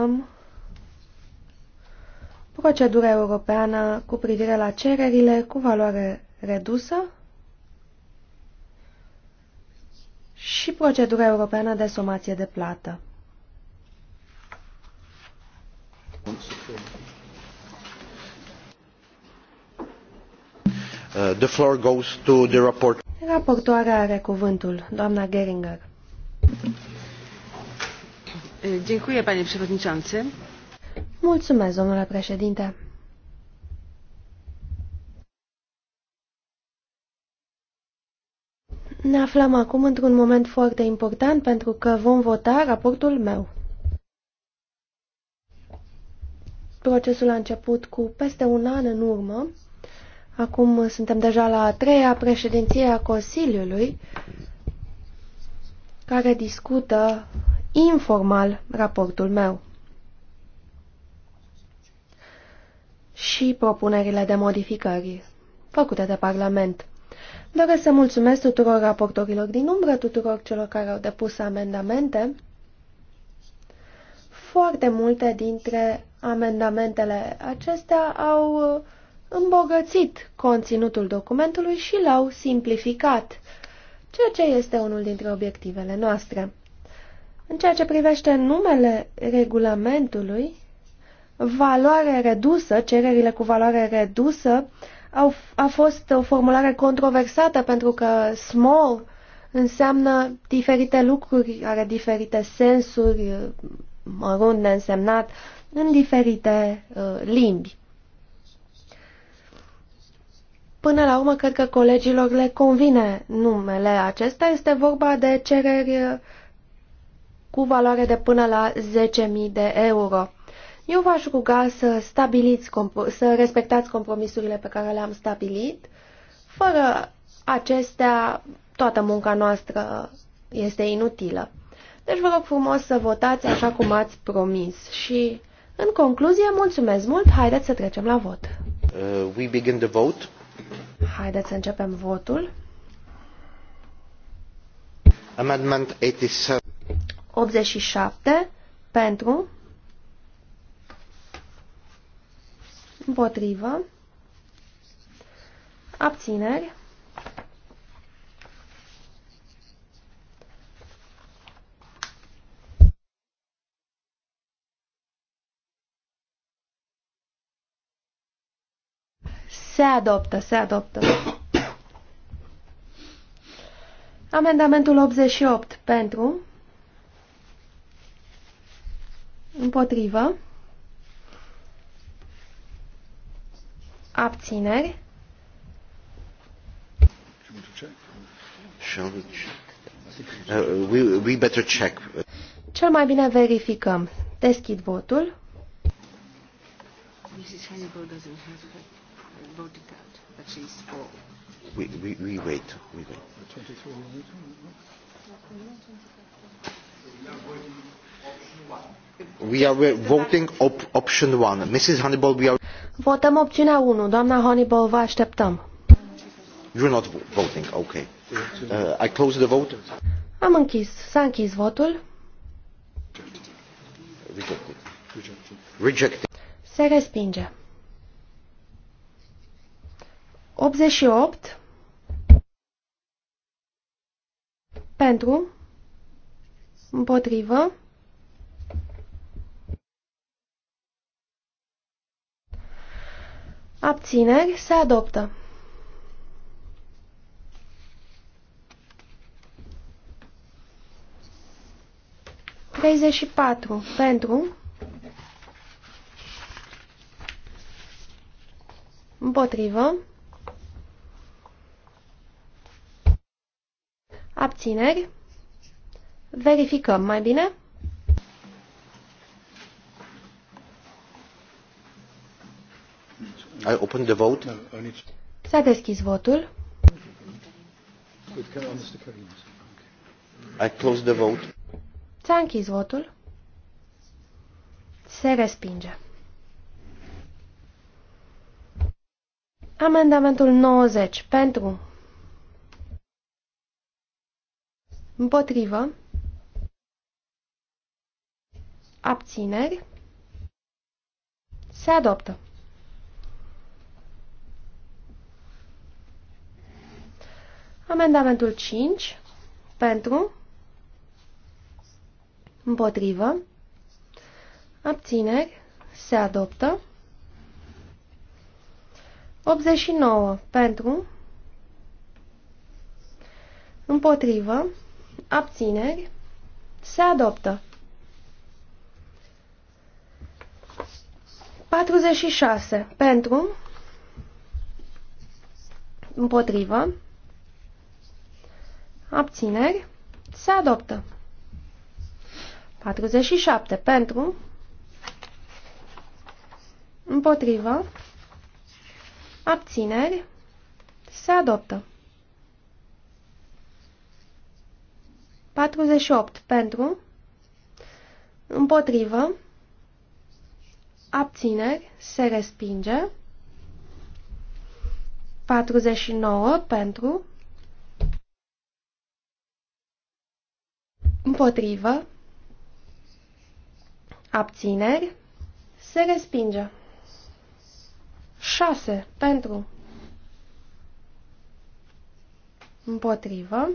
Am procedura europeană cu privire la cererile cu valoare redusă și procedura europeană de somație de plată. Uh, the floor goes to the report. Raportoarea are cuvântul, doamna Geringer. Dziękuję, panie przewodniczący. Mulțumesc, domnule președinte. Ne aflăm acum într-un moment foarte important pentru că vom vota raportul meu. Procesul a început cu peste un an în urmă. Acum suntem deja la a treia președinție a Consiliului care discută informal raportul meu și propunerile de modificări făcute de Parlament. Doresc să mulțumesc tuturor raportorilor din umbră, tuturor celor care au depus amendamente. Foarte multe dintre amendamentele acestea au îmbogățit conținutul documentului și l-au simplificat, ceea ce este unul dintre obiectivele noastre. În ceea ce privește numele regulamentului, valoare redusă, cererile cu valoare redusă, au, a fost o formulare controversată pentru că small înseamnă diferite lucruri, are diferite sensuri, mărunt de însemnat, în diferite uh, limbi. Până la urmă, cred că colegilor le convine numele acesta. Este vorba de cereri uh, cu valoare de până la 10.000 de euro. Eu v-aș ruga să, stabiliți, să respectați compromisurile pe care le-am stabilit. Fără acestea, toată munca noastră este inutilă. Deci vă rog frumos să votați așa cum ați promis și, în concluzie, mulțumesc mult, haideți să trecem la vot. Uh, we begin the vote. Haideți să începem votul. Amendment 87. 87 pentru, împotrivă, abțineri, Se adoptă, se adoptă. Amendamentul 88 pentru, Împotrivă. Abțineri. Uh, Cel mai bine verificăm. Deschid votul. Mrs. Hannibal doesn't have her voted out, but she's for. We, we, we wait. We wait. 23. We are voting op option one. Mrs. Hannibal, we are... Votăm opțiunea 1. Doamna Hannibal, vă așteptăm. You're not voting, okay. Uh, I close the vote. Am închis. S-a închis votul. Rejected. Rejected. Se respinge. 88 pentru împotrivă Abțineri se adoptă. Treizeci și patru pentru, împotrivă, abțineri, verificăm mai bine. I open the vote. S-a deschis votul. I close the vote. S-a închis votul. Se respinge. Amendamentul 90. Pentru. Împotrivă. Abțineri. Se adoptă. Amendamentul 5 pentru, împotrivă, abțineri, se adoptă. 89 pentru, împotrivă, abțineri, se adoptă. 46 pentru, împotrivă, Abțineri. Se adoptă. 47. Pentru. Împotrivă. Abțineri. Se adoptă. 48. Pentru. Împotrivă. Abțineri. Se respinge. 49. Pentru. Împotrivă. Abțineri. Se respinge. 6. Pentru. Împotrivă.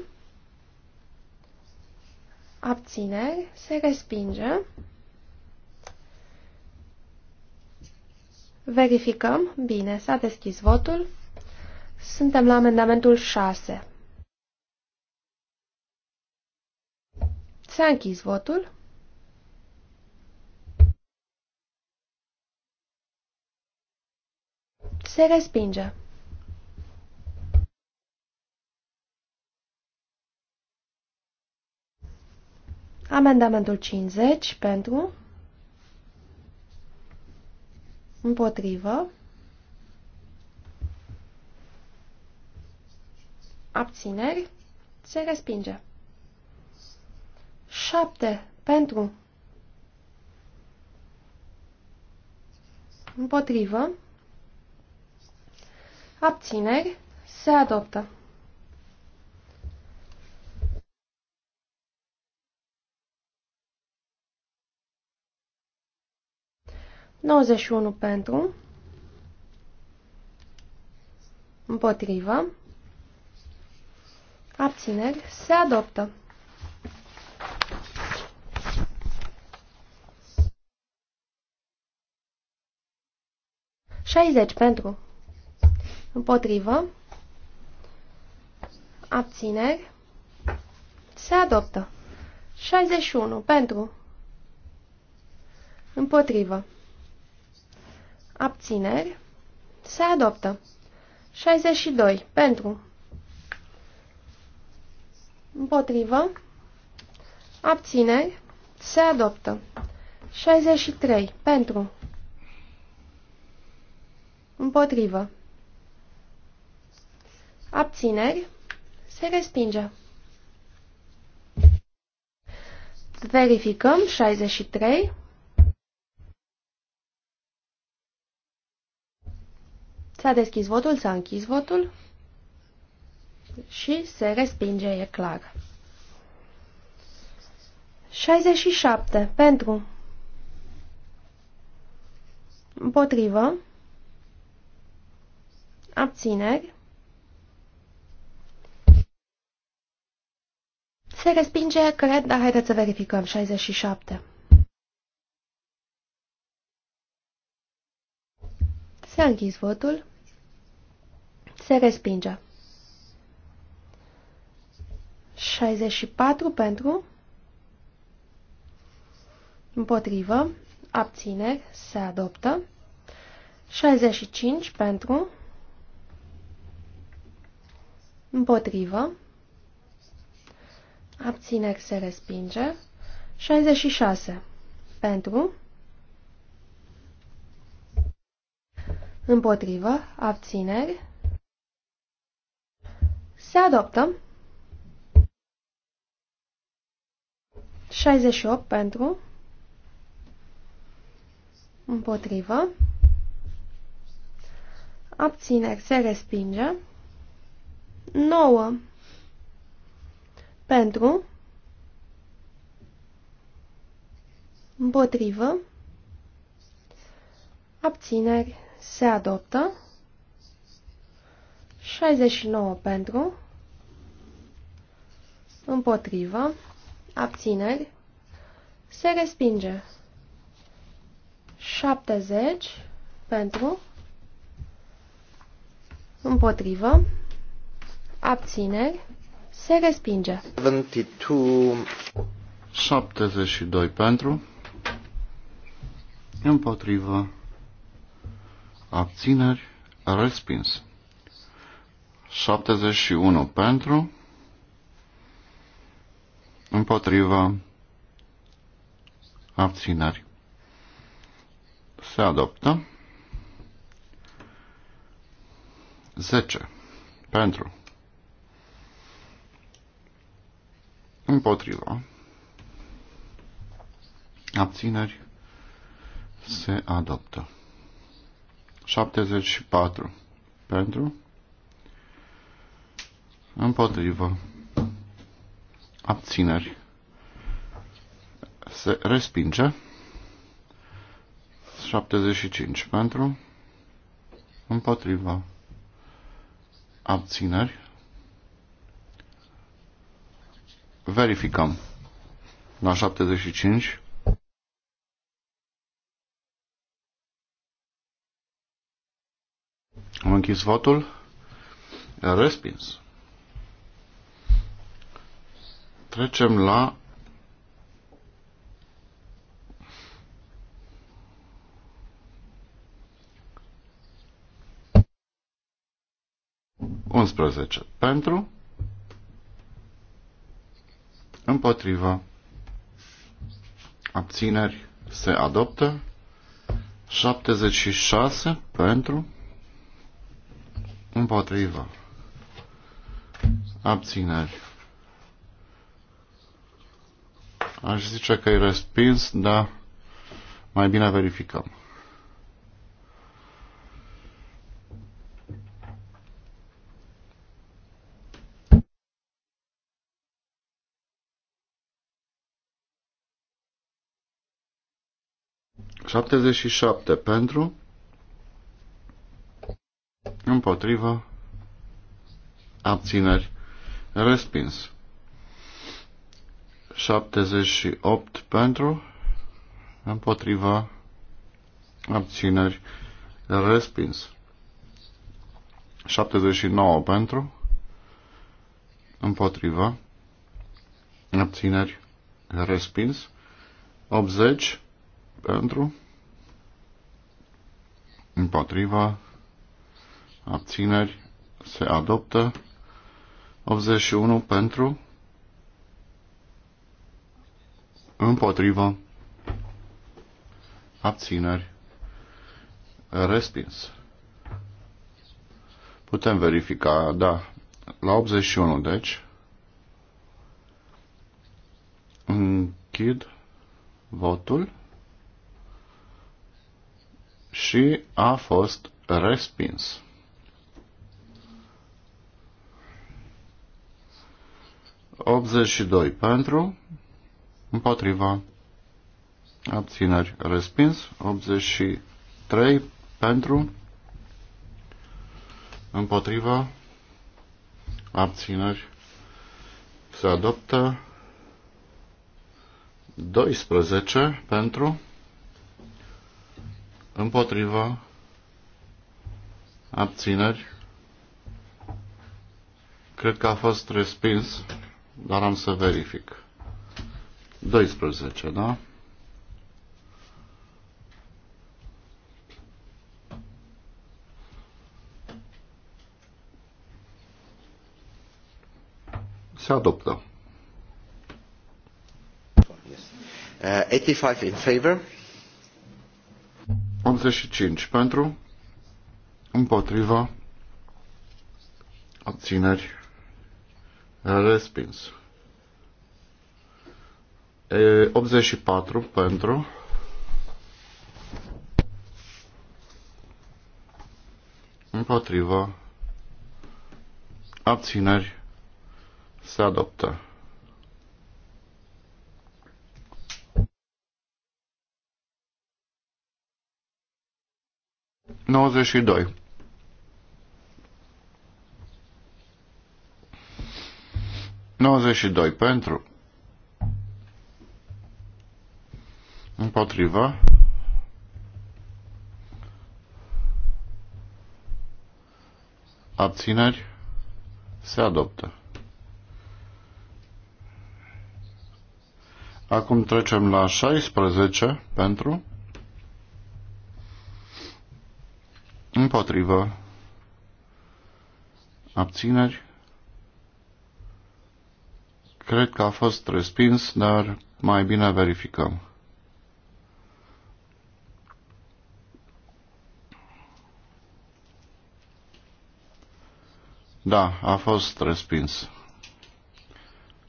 Abțineri. Se respinge. Verificăm. Bine, s-a deschis votul. Suntem la amendamentul 6. S-a închis votul. Se respinge. Amendamentul 50 pentru, împotrivă, abțineri, se respinge. 7 pentru împotrivă abțineri se adoptă. Nouăzeci și unu pentru împotrivă abțineri se adoptă. 60 pentru. Împotrivă. Abțineri. Se adoptă. 61 pentru. Împotrivă. Abțineri. Se adoptă. 62 pentru. Împotrivă. Abțineri. Se adoptă. 63 pentru. Împotrivă. Abțineri. Se respinge. Verificăm 63. S-a deschis votul, s-a închis votul și se respinge, e clar. 67. Pentru. Împotrivă. Abțineri. Se respinge, cred, dar haideți să verificăm. 67. Se a închis votul. Se respinge. 64 pentru. Împotrivă. Abțineri. Se adoptă. 65 pentru. Împotrivă. Abțineri se respinge. 66. Pentru. Împotrivă. Abțineri. Se adoptă. 68 pentru. Împotrivă. Abțineri se respinge. 9 pentru împotrivă abțineri se adoptă 69 pentru împotrivă abțineri se respinge 70 pentru împotrivă Abțineri. Se respinge. 72. 72 pentru. Împotrivă. Abțineri. Respins. 71 pentru. Împotrivă. Abțineri. Se adoptă. 10. Pentru. Împotriva. Abțineri. Se adoptă. 74. Pentru. Împotrivă. Abțineri. Se respinge. 75. Pentru. Împotriva. Abțineri Verificăm. La 75. Am închis votul. Respins. Trecem la unsprezece pentru împotrivă, abțineri, se adoptă. 76 pentru, împotrivă, abțineri. Aș zice că e respins, dar mai bine verificăm. 77 pentru, împotrivă, abțineri, respins. 78 pentru, împotriva, abțineri, respins. 79 pentru, împotriva, abțineri, respins. 80 pentru, împotriva, abțineri, se adoptă. 81 pentru, împotriva, abțineri, respins. Putem verifica, da, la 81, deci, închid votul și a fost respins. doi pentru, împotriva, abțineri, respins, 83 pentru, împotriva, abțineri, se adoptă 12 pentru, Împotriva. Abțineri. Cred că a fost respins, dar am să verific. 12, da? Se adoptă. 85 uh, in favor. 85 pentru, împotriva, abțineri, respins. 84 pentru, împotriva, abțineri, se adoptă. 92. Nouăzeci doi pentru împotriva abțineri se adoptă. Acum trecem la 16 pentru Împotrivă. Abțineri. Cred că a fost respins, dar mai bine verificăm. Da, a fost respins.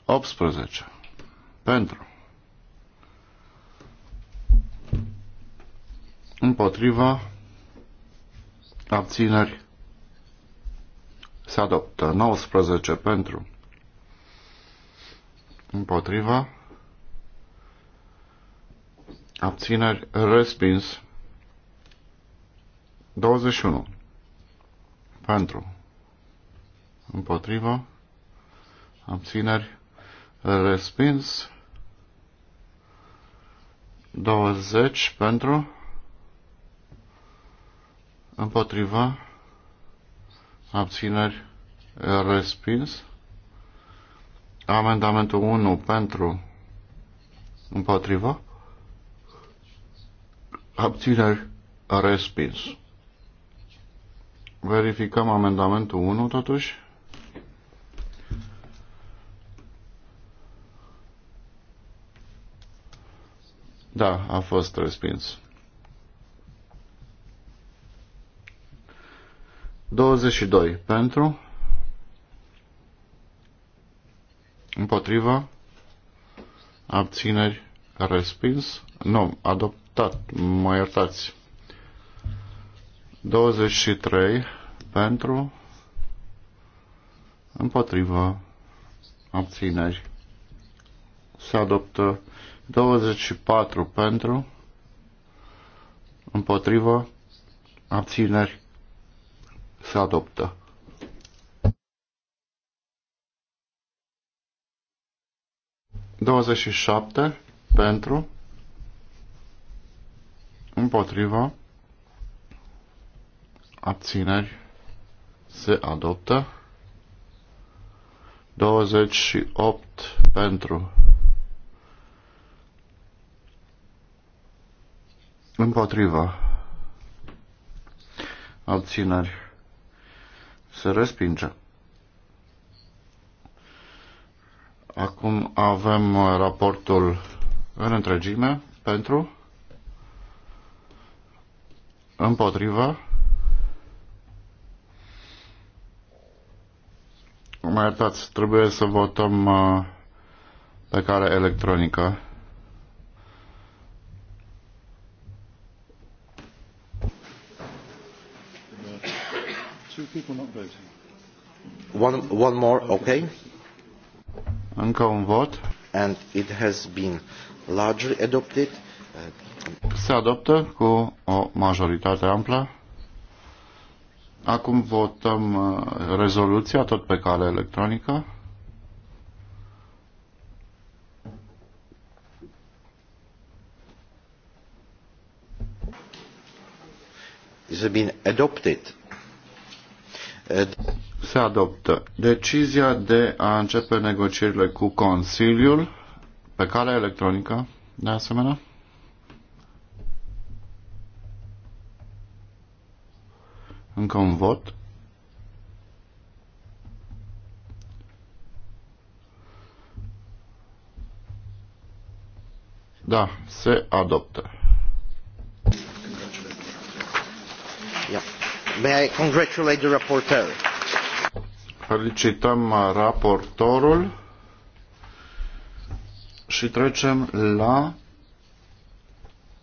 18. Pentru. Împotriva abțineri, se adoptă. 19 pentru, împotriva, abțineri, respins. 21 pentru, împotriva, abțineri, respins. 20 pentru, împotriva, abțineri, respins. Amendamentul 1 pentru, împotriva, abțineri, respins. Verificăm amendamentul 1 totuși. Da, a fost respins. 22 pentru, împotriva, abțineri, respins, nu, adoptat, mă iertați, 23 pentru, împotriva, abțineri, se adoptă 24 pentru, împotriva, abțineri, se adoptă. Douăzeci și șapte pentru împotriva abțineri se adoptă 28 pentru împotriva abțineri se respinge. Acum avem uh, raportul în întregime pentru împotriva mai iertați, trebuie să votăm uh, pe care electronică Two people not voting. One, one more, okay. Încă un vot. And it has been largely adopted. Uh, Se adoptă cu o majoritate amplă. Acum votăm uh, rezoluția tot pe cale electronică. Is been adopted se adoptă decizia de a începe negocierile cu Consiliul pe calea electronică, de asemenea. Încă un vot. Da, se adoptă. Yeah. May I congratulate the rapporteur. Felicităm uh, raportorul și trecem la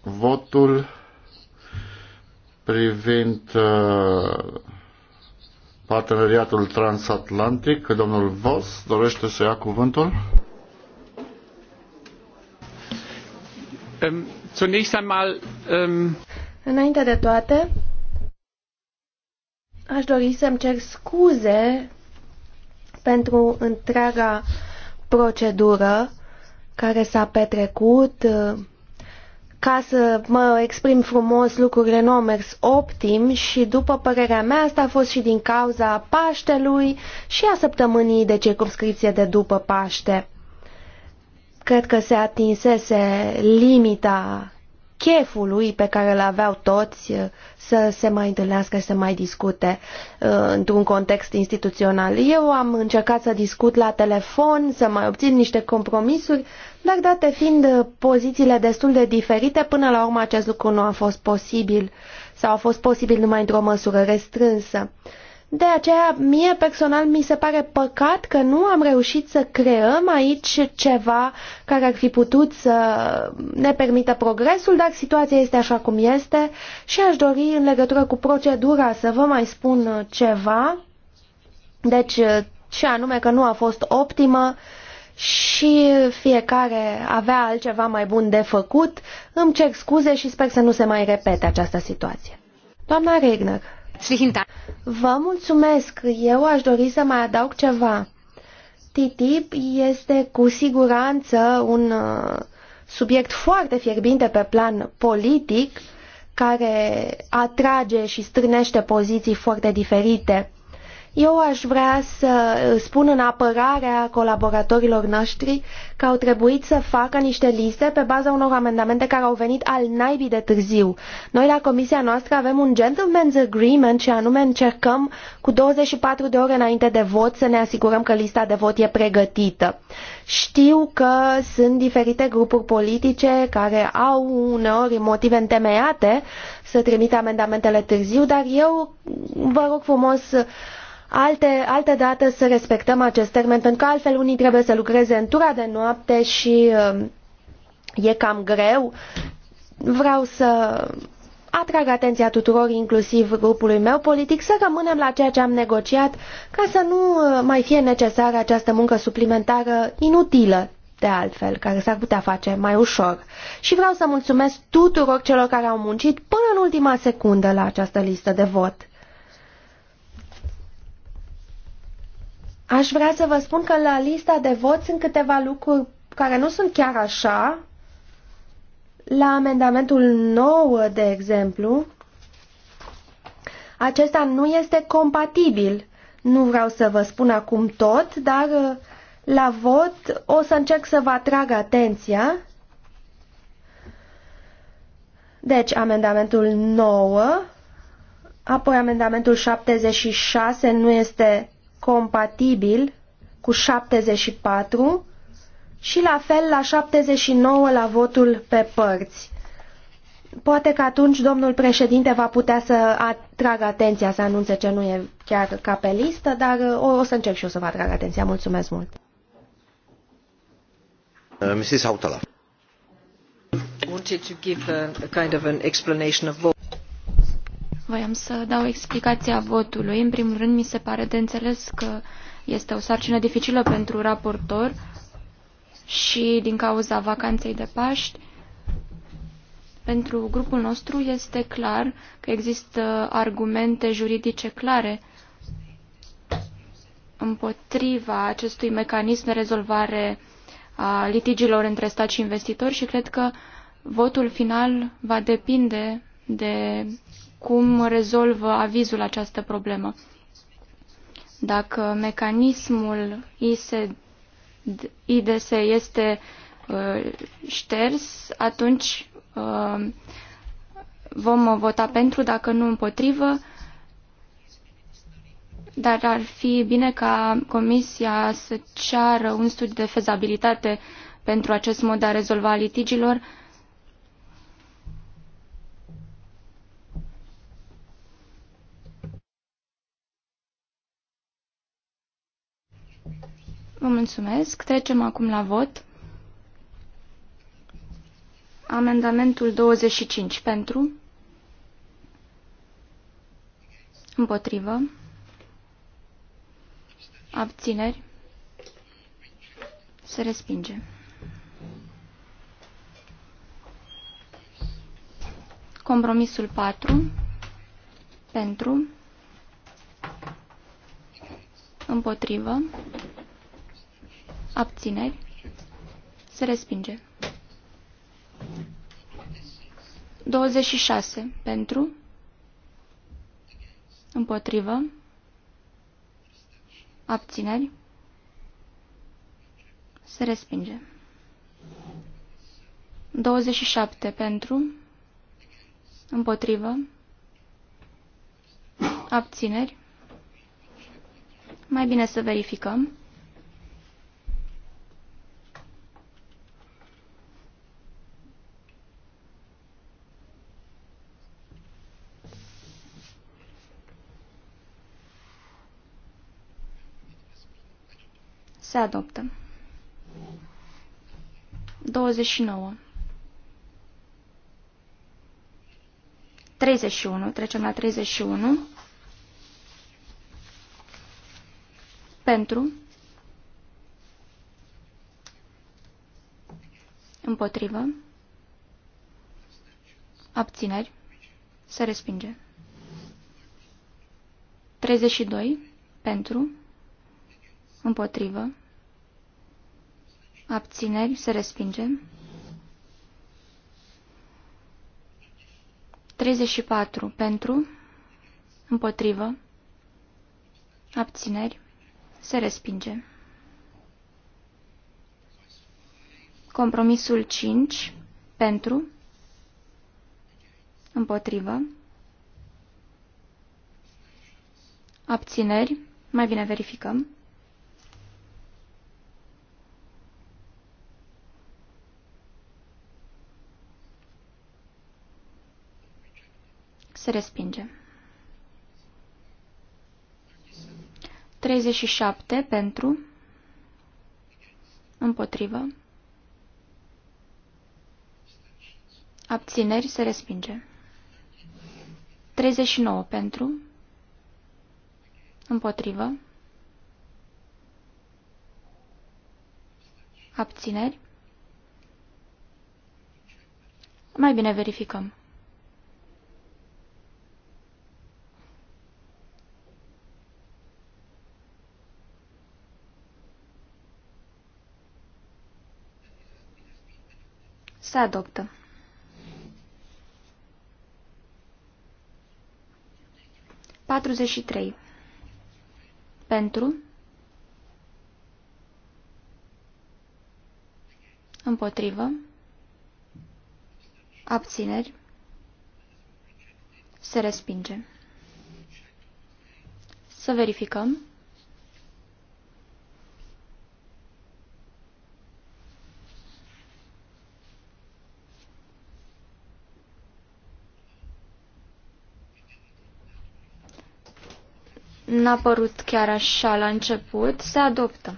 votul privind uh, parteneriatul transatlantic. Domnul Vos dorește să ia cuvântul. Um, zunächst einmal, um... Înainte de toate, Aș dori să-mi cer scuze pentru întreaga procedură care s-a petrecut. Ca să mă exprim frumos, lucrurile nu au mers optim și, după părerea mea, asta a fost și din cauza Paștelui și a săptămânii de circumscripție de după Paște. Cred că se atinsese limita chefului pe care îl aveau toți uh, să se mai întâlnească, să mai discute uh, într-un context instituțional. Eu am încercat să discut la telefon, să mai obțin niște compromisuri, dar date fiind uh, pozițiile destul de diferite, până la urmă acest lucru nu a fost posibil sau a fost posibil numai într-o măsură restrânsă. Uh, de aceea, mie personal mi se pare păcat că nu am reușit să creăm aici ceva care ar fi putut să ne permită progresul, dar situația este așa cum este și aș dori în legătură cu procedura să vă mai spun ceva. Deci, și anume că nu a fost optimă și fiecare avea altceva mai bun de făcut. Îmi cer scuze și sper să nu se mai repete această situație. Doamna Regner. Vă mulțumesc. Eu aș dori să mai adaug ceva. TTIP este cu siguranță un uh, subiect foarte fierbinte pe plan politic care atrage și strânește poziții foarte diferite. Eu aș vrea să uh, spun în apărarea colaboratorilor noștri că au trebuit să facă niște liste pe baza unor amendamente care au venit al naibii de târziu. Noi la comisia noastră avem un gentleman's agreement și anume încercăm cu 24 de ore înainte de vot să ne asigurăm că lista de vot e pregătită. Știu că sunt diferite grupuri politice care au uneori motive întemeiate să trimită amendamentele târziu, dar eu vă rog frumos alte, alte date să respectăm acest termen, pentru că altfel unii trebuie să lucreze în tura de noapte și um, e cam greu. Vreau să atrag atenția tuturor, inclusiv grupului meu politic, să rămânem la ceea ce am negociat ca să nu uh, mai fie necesară această muncă suplimentară inutilă de altfel, care s-ar putea face mai ușor. Și vreau să mulțumesc tuturor celor care au muncit până în ultima secundă la această listă de vot. Aș vrea să vă spun că la lista de vot sunt câteva lucruri care nu sunt chiar așa. La amendamentul 9, de exemplu, acesta nu este compatibil. Nu vreau să vă spun acum tot, dar uh, la vot o să încerc să vă atrag atenția. Deci, amendamentul 9, apoi amendamentul 76 nu este compatibil cu 74 și la fel la 79 la votul pe părți. Poate că atunci domnul președinte va putea să atragă atenția, să anunțe ce nu e chiar ca pe listă, dar uh, o, o să încerc și eu să vă atrag atenția. Mulțumesc mult. Uh, Mrs. Hautala. Wanted to give a, a kind of an explanation of vote. Voiam să dau explicația votului. În primul rând, mi se pare de înțeles că este o sarcină dificilă pentru raportor și din cauza vacanței de Paști. Pentru grupul nostru este clar că există argumente juridice clare împotriva acestui mecanism de rezolvare a litigilor între stat și investitori și cred că votul final va depinde de cum rezolvă avizul această problemă. Dacă mecanismul IDS este uh, șters, atunci uh, vom vota pentru, dacă nu împotrivă, dar ar fi bine ca Comisia să ceară un studiu de fezabilitate pentru acest mod de a rezolva litigilor, uh, Vă mulțumesc. Trecem acum la vot. Amendamentul 25 pentru. Împotrivă. Abțineri. Se respinge. Compromisul 4. Pentru. Împotrivă. Abțineri. Se respinge. 26. Pentru. Împotrivă. Abțineri. Se respinge. 27. Pentru. Împotrivă. Abțineri. Mai bine să verificăm. Se adoptă. 29. 31. Trecem la 31. Pentru. Împotrivă. Abțineri. Se respinge. 32. Pentru. Împotrivă. Abțineri. Se respinge. 34. Pentru. Împotrivă. Abțineri. Se respinge. Compromisul 5. Pentru. Împotrivă. Abțineri. Mai bine verificăm. Se respinge. 37 pentru. Împotrivă. Abțineri se respinge. 39 pentru. Împotrivă. Abțineri. Mai bine verificăm. adoptă. Patruzeci și trei. Pentru. Împotrivă. Abțineri. Se respinge. Să verificăm. n-a părut chiar așa la început, se adoptă.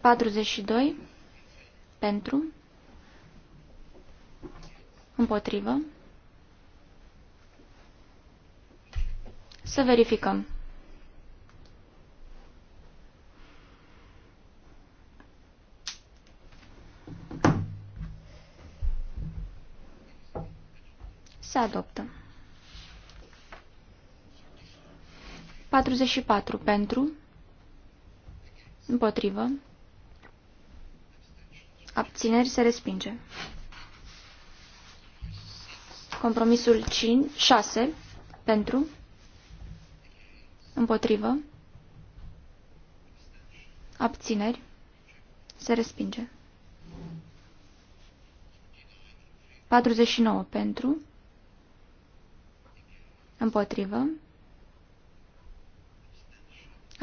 42 pentru împotrivă. Să verificăm. Se adoptă. 44 pentru, împotrivă, abțineri se respinge. Compromisul 5, 6 pentru, împotrivă, abțineri se respinge. 49 pentru, împotrivă,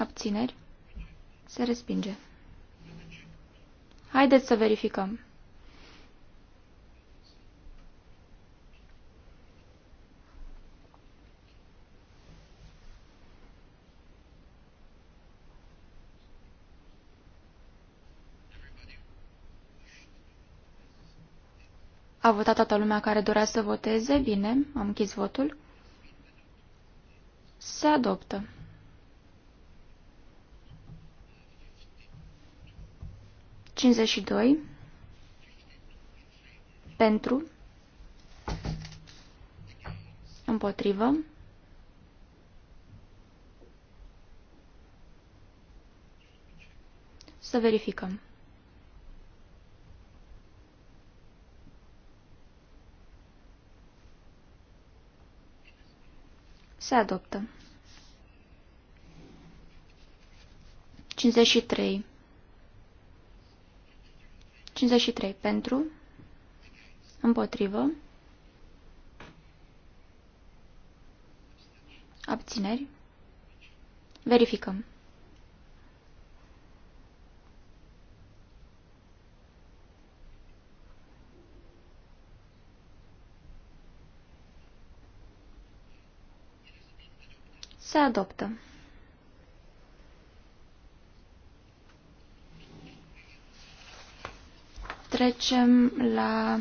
Abțineri. Se respinge. Haideți să verificăm. A votat toată lumea care dorea să voteze? Bine, am închis votul. Se adoptă. 52 pentru împotrivă să verificăm. Se adoptă. 53 53 pentru, împotrivă, abțineri, verificăm. Se adoptă. trecem la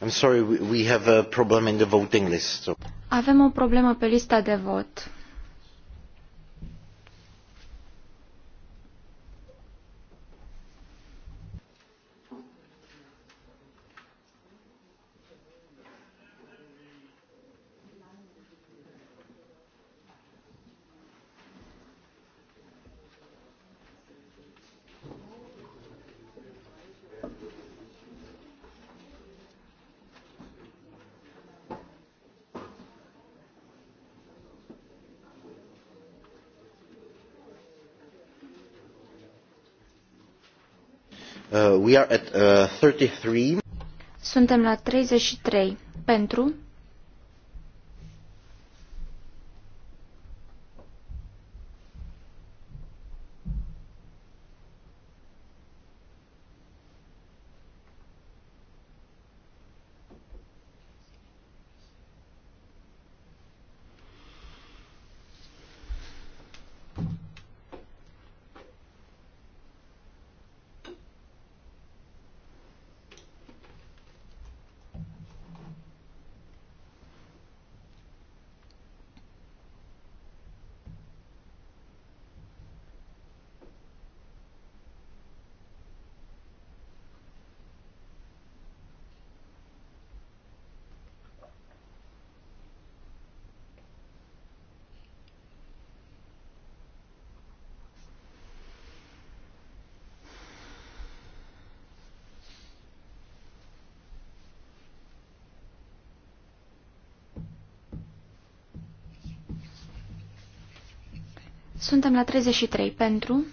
I'm sorry, Avem o problemă pe lista de vot. we are at, 33. Uh, Suntem la 33. Pentru. Suntem la 33 pentru.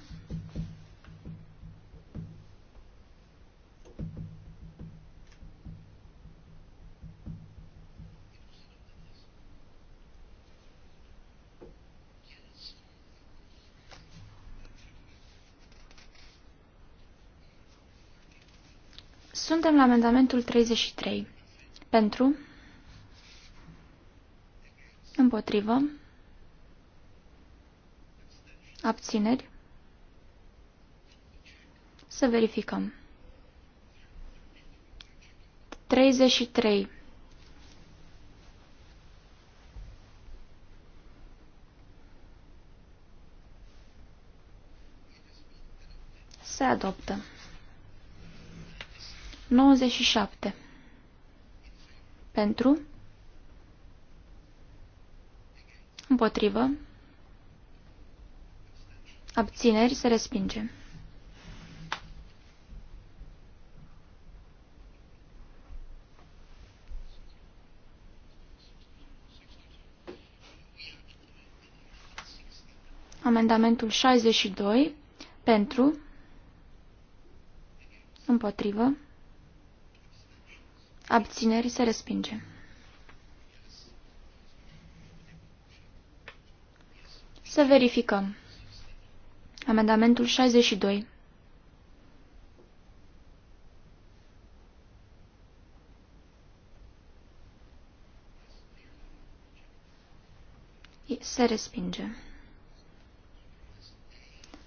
Suntem la amendamentul 33. Pentru. Împotrivă. Abțineri. Să verificăm. 33. Se adoptă. 97. Pentru. Împotrivă. Abțineri se respinge. Amendamentul 62 pentru împotrivă abțineri se respinge. Să verificăm. Amendamentul 62. Se respinge.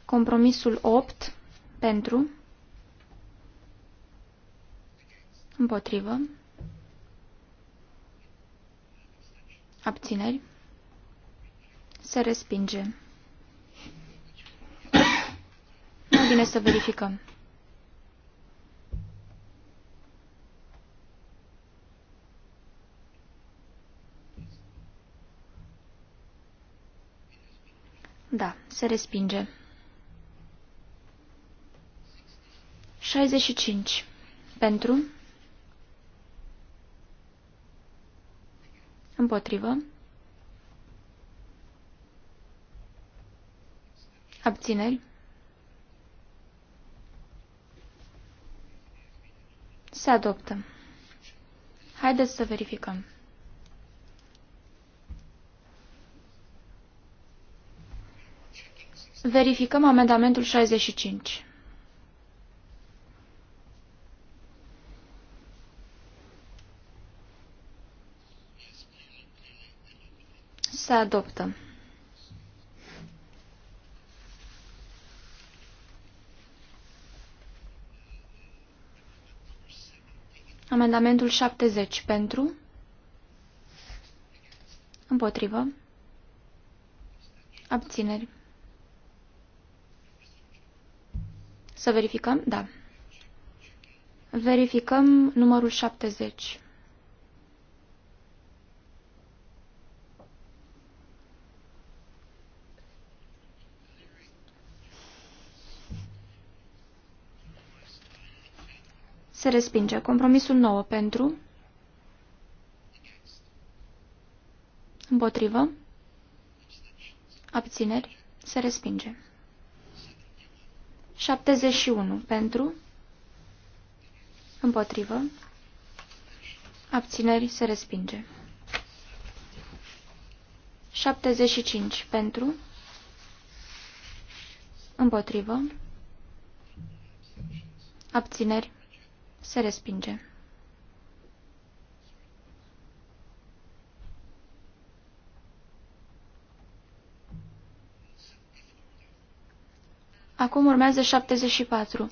Compromisul 8 pentru împotrivă abțineri se respinge. bine să verificăm. Da, se respinge. 65. Pentru. Împotrivă. Abțineri. Se adoptă. Haideți să verificăm. Verificăm amendamentul 65. Se adoptă. Amendamentul 70 pentru. Împotrivă. Abțineri. Să verificăm? Da. Verificăm numărul 70. se respinge. Compromisul 9 pentru, împotrivă, abțineri, se respinge. 71 pentru, împotrivă, abțineri, se respinge. 75 pentru, împotrivă, abțineri, se respinge. Acum urmează 74.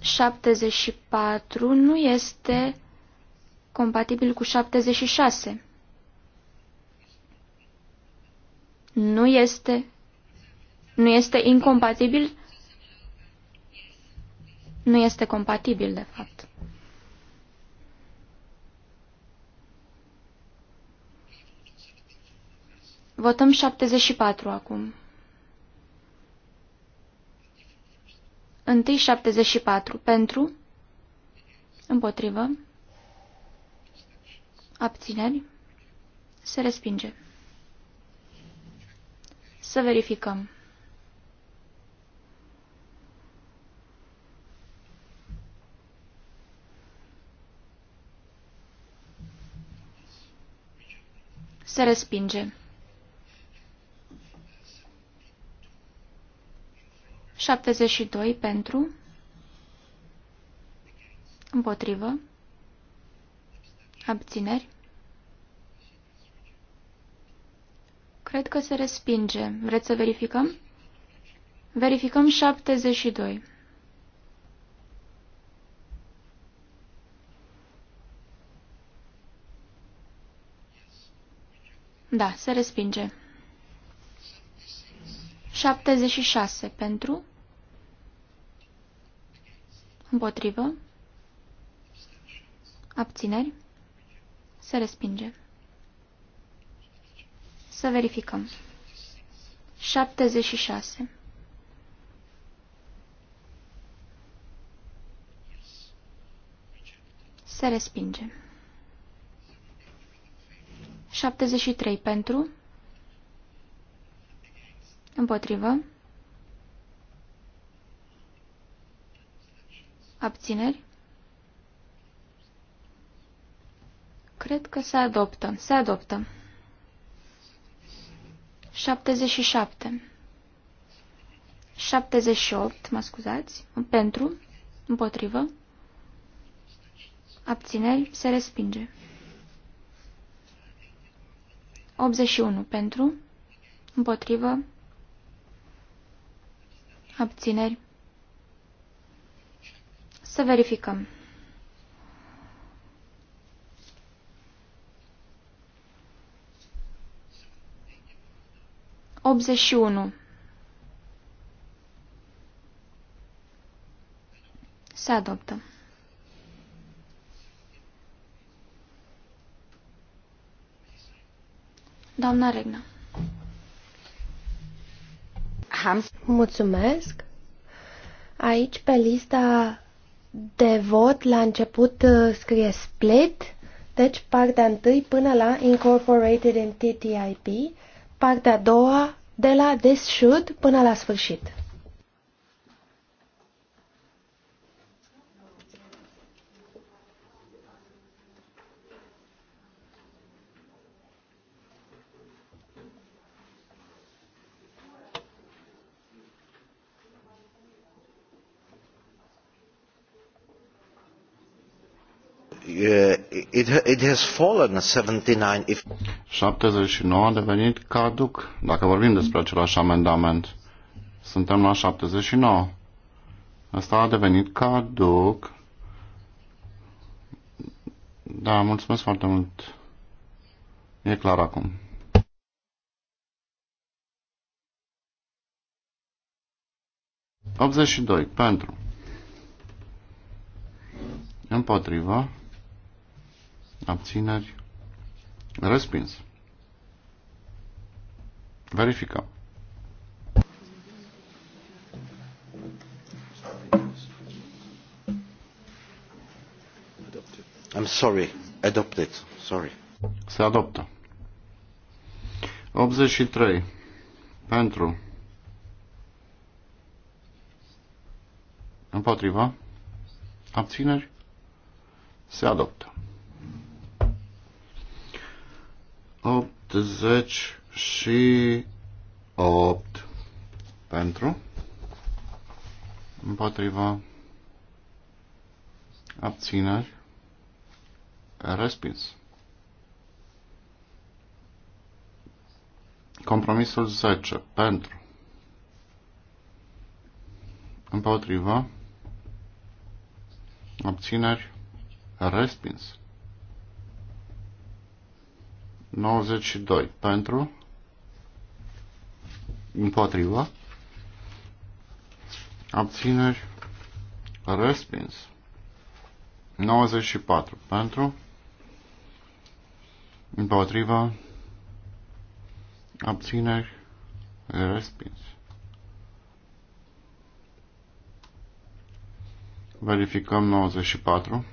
74 nu este compatibil cu 76. Nu este, nu este incompatibil nu este compatibil, de fapt. Votăm 74 acum. Întâi 74. Pentru? Împotrivă? Abțineri? Se respinge. Să verificăm. Se respinge. 72 pentru. Împotrivă. Abțineri. Cred că se respinge. Vreți să verificăm? Verificăm 72. Da, se respinge. 76 pentru. Împotrivă. Abțineri. Se respinge. Să verificăm. 76. Se respinge. 73 pentru. Împotrivă. Abțineri. Cred că se adoptă. Se adoptă. 77. 78, mă scuzați, pentru, împotrivă, abțineri, se respinge. 81 pentru, împotrivă, abțineri. Să verificăm. Optzeci unu. Se adoptă. Doamna Regna. Mulțumesc. Aici, pe lista de vot, la început uh, scrie split, deci partea întâi până la incorporated in TTIP, partea a doua de la this should până la sfârșit. Uh, it, has fallen 79 if 79 a devenit caduc. Dacă vorbim despre același amendament, suntem la 79. Asta a devenit caduc. Da, mulțumesc foarte mult. E clar acum. Optzeci și doi. Pentru. Împotriva. Abțineri. Respins. Verificăm. I'm sorry. Adopted. Sorry. Se adoptă. 83. Pentru. Împotriva. Abțineri. Se adoptă. 70 și 8 pentru, împotriva, abțineri, respins. Compromisul 10 pentru, împotriva, abțineri, respins. 92 pentru, împotriva, abțineri, respins. 94 pentru, împotriva, abțineri, respins. Verificăm 94.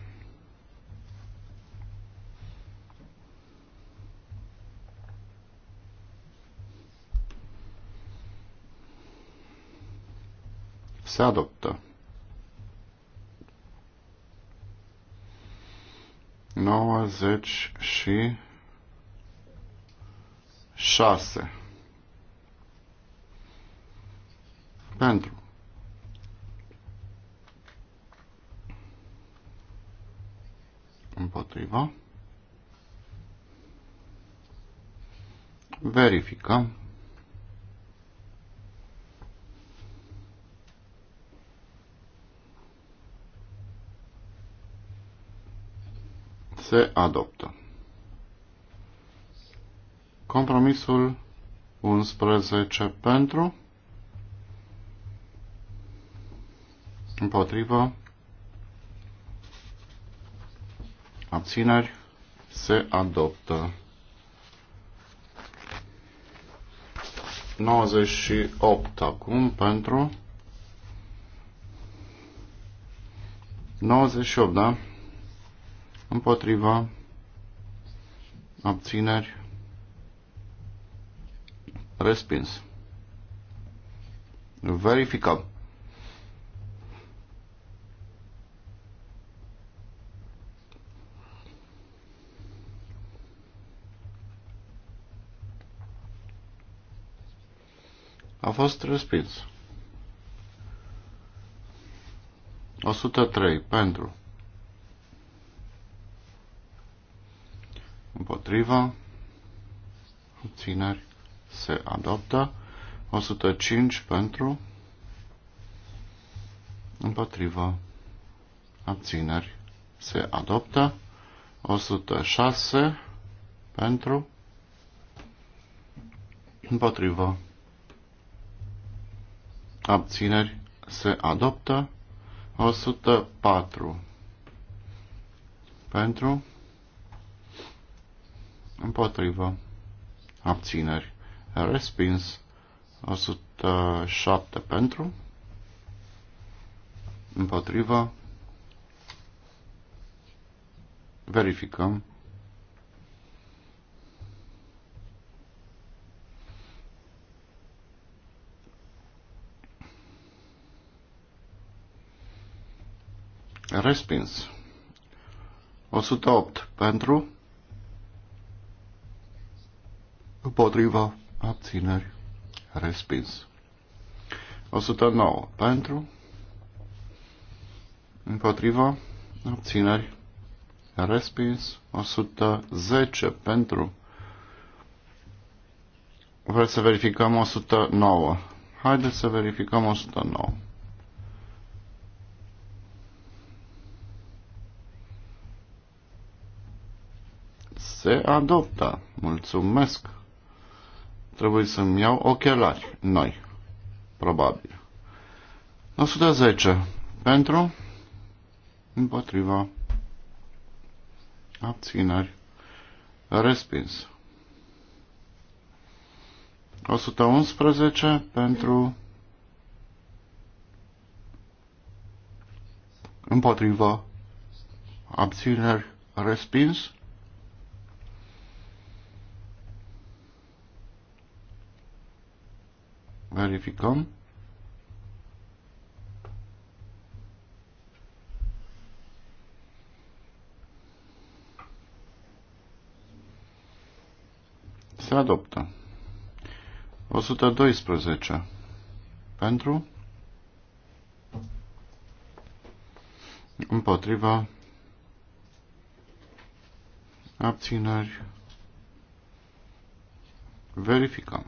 se adoptă. Nouăzeci și șase. pentru împotriva verificăm se adoptă. Compromisul 11 pentru, împotrivă, abțineri, se adoptă. 98 acum pentru 98, da? împotriva abțineri respins. Verificăm. A fost respins. 103 pentru împotriva, obțineri, se adoptă. 105 pentru, împotriva, abțineri, se adoptă. 106 pentru, împotriva, abțineri, se adoptă. 104 pentru, împotrivă, abțineri, respins, 107 pentru, împotrivă, verificăm, respins, 108 pentru, împotriva, abțineri, respins. 109 pentru, împotriva, abțineri, respins. 110 pentru, vreți să verificăm 109. Haideți să verificăm 109. Se adoptă. Mulțumesc! Trebuie să-mi iau ochelari noi, probabil. 110. Pentru? Împotriva. Abțineri. Respins. 111 pentru împotriva abțineri respins Verificăm. Se adoptă. 112. Pentru? Împotriva? abținări Verificăm.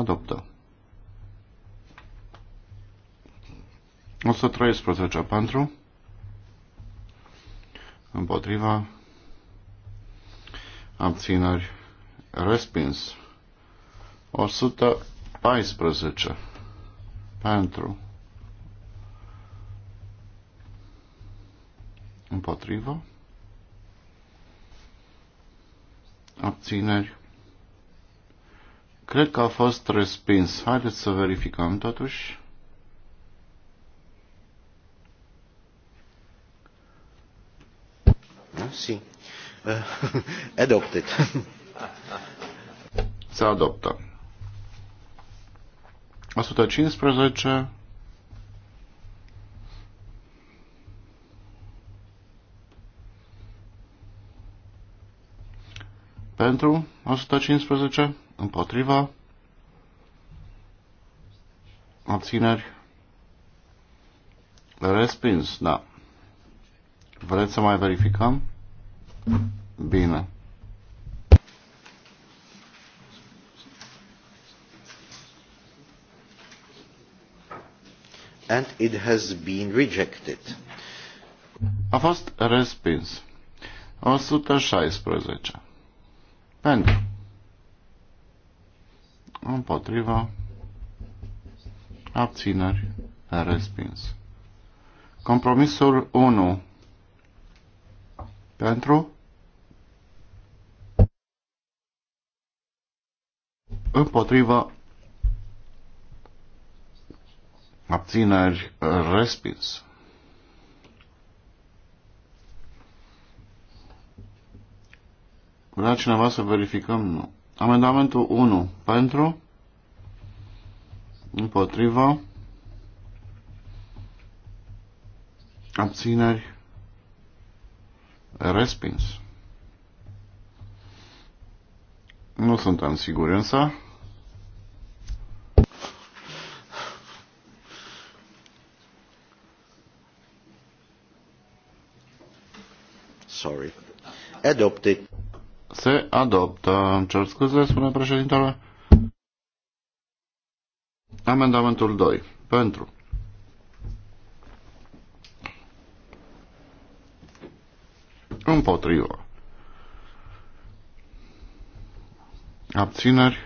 adoptă. 113 pentru, împotriva, abțineri, respins. 114 pentru, împotriva, abțineri, Cred că a fost respins. Haideți să verificăm totuși. Da? Si. Eh, adopted. Se adoptă. 115 pentru 115 Împotriva. Abțineri. Respins, da. Vreți să mai verificăm? Bine. And it has been rejected. A fost respins. 116. Pentru împotriva, abțineri, respins. Compromisul 1 pentru, împotriva, abțineri, respins. Vrea cineva să verificăm? Nu. Amendamentul 1 pentru, împotriva, abțineri, respins. Nu suntem siguri însă. Sorry. Adopted se adoptă. Îmi cer scuze, spune președintele. Amendamentul 2. Pentru. Împotrivă. Abțineri.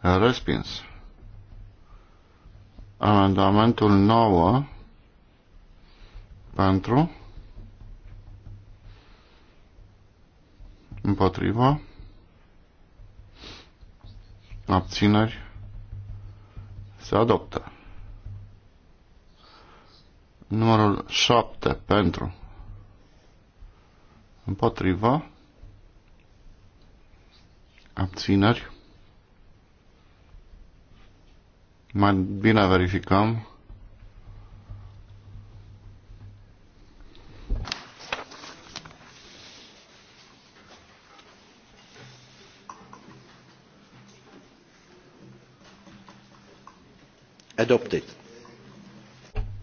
Respins. Amendamentul 9. Pentru. Împotriva. Abțineri. Se adoptă. Numărul 7 pentru. Împotriva. Abțineri. Mai bine verificăm. Adopted.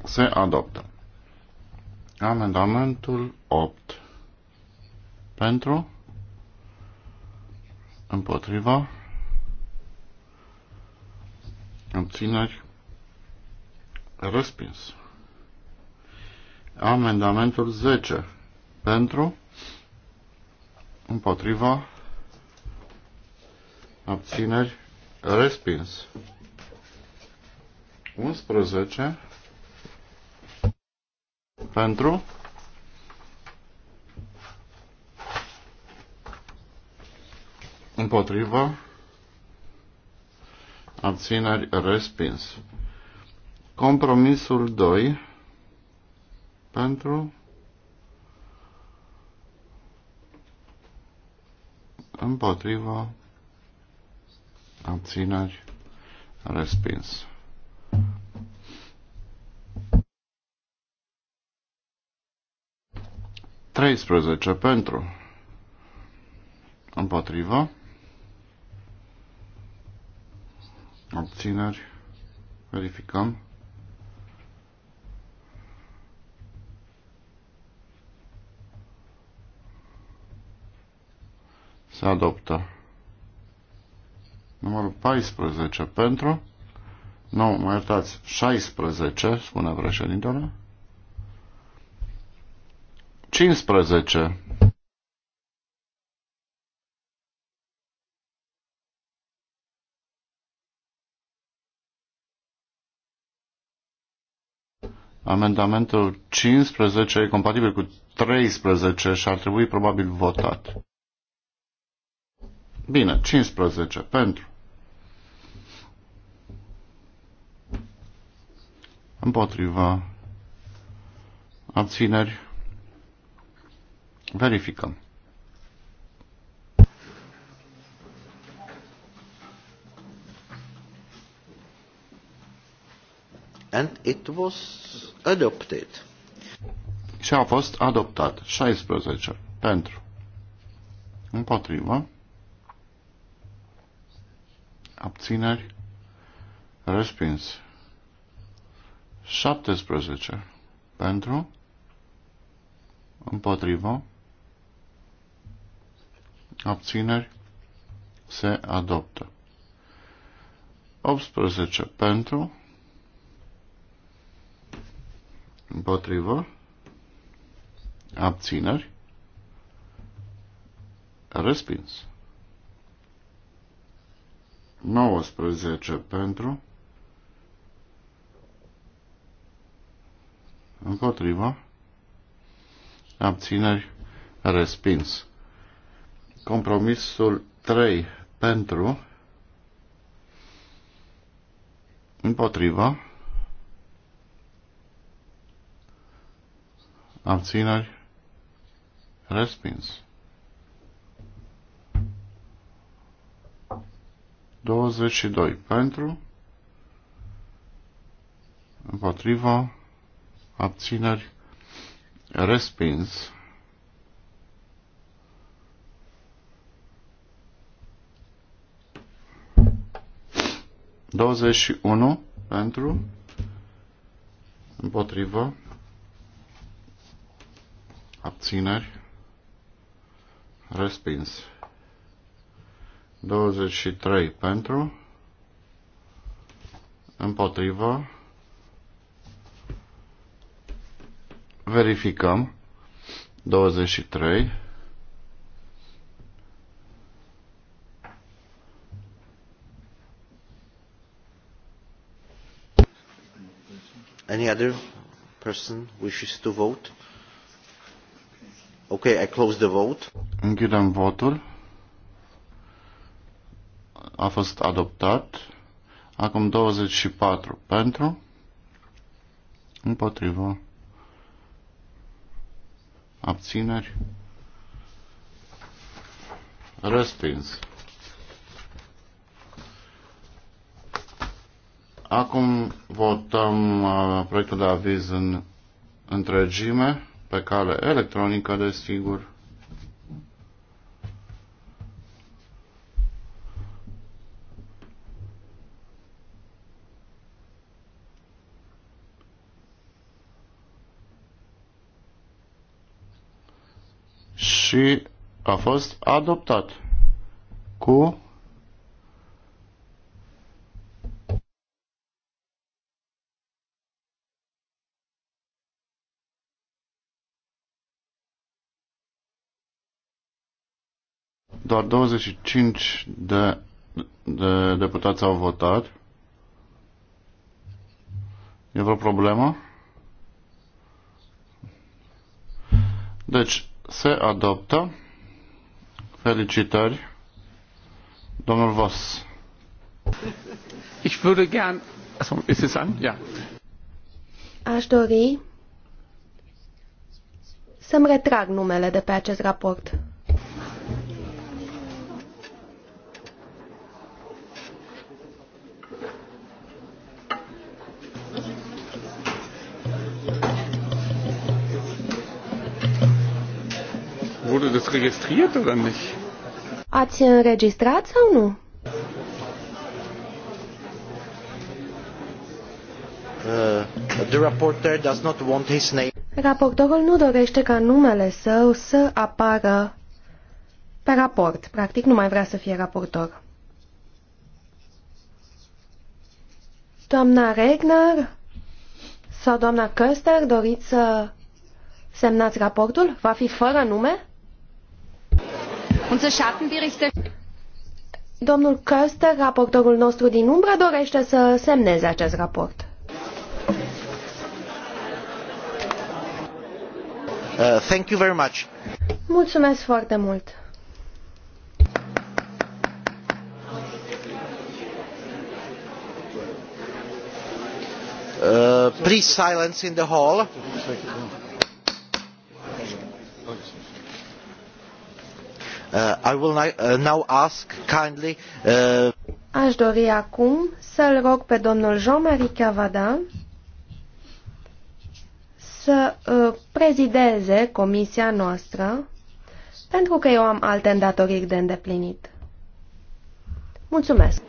Se adoptă. Amendamentul 8. Pentru? Împotriva? Obțineri? Răspins. Amendamentul 10. Pentru? Împotriva? Abțineri? Respins. 11 pentru împotriva abțineri respins. Compromisul 2 pentru împotriva abțineri respins. 13 pentru împotriva obțineri verificăm se adoptă numărul 14 pentru nu, mă iertați, 16 spune președintele 15. Amendamentul 15 e compatibil cu 13 și ar trebui probabil votat. Bine, 15 pentru. Împotriva. Abțineri. Verificăm. And it was adopted. Și a fost adoptat. 16 pentru. Împotrivă. Abțineri. Respins. 17 pentru. Împotrivă abțineri, se adoptă. 18 pentru, împotrivă, abțineri, respins. 19 pentru, împotrivă, abțineri, respins. Compromisul 3 pentru, împotriva, abțineri, respins. 22 pentru, împotriva, abțineri, respins. 21 pentru, împotrivă, abțineri, respins. 23 pentru, împotrivă, verificăm, 23 Any other person wishes to vote? Ok, I close the vote. Închidem votul. A fost adoptat. Acum 24 pentru. Împotrivă. Abțineri. Respins. Acum votăm uh, proiectul de aviz în întregime, pe cale electronică, desigur. Și a fost adoptat cu Doar 25 de, de deputați au votat. E vreo problemă? Deci, se adoptă. Felicitări. Domnul Voss. Ich würde gern... Also, ist es an? Ja. Aș dori să-mi retrag numele de pe acest raport. registriert oder nicht? Hat sie registriert oder nicht? Uh, the reporter does not want his name. Raportorul nu dorește ca numele său să apară pe raport. Practic nu mai vrea să fie raportor. Doamna Regner sau doamna Căster doriți să semnați raportul? Va fi fără nume? Unser Schattenberichterstatter Domnul Köster, raportorul nostru din umbră, dorește să semneze acest raport. Uh, thank you very much. Mulțumesc foarte mult. Uh, please silence in the hall. Uh, I will uh, now ask kindly, uh, Aș dori acum să-l rog pe domnul Jean-Marie Cavada să prezideze comisia noastră pentru că eu am alte îndatoriri de îndeplinit. Mulțumesc!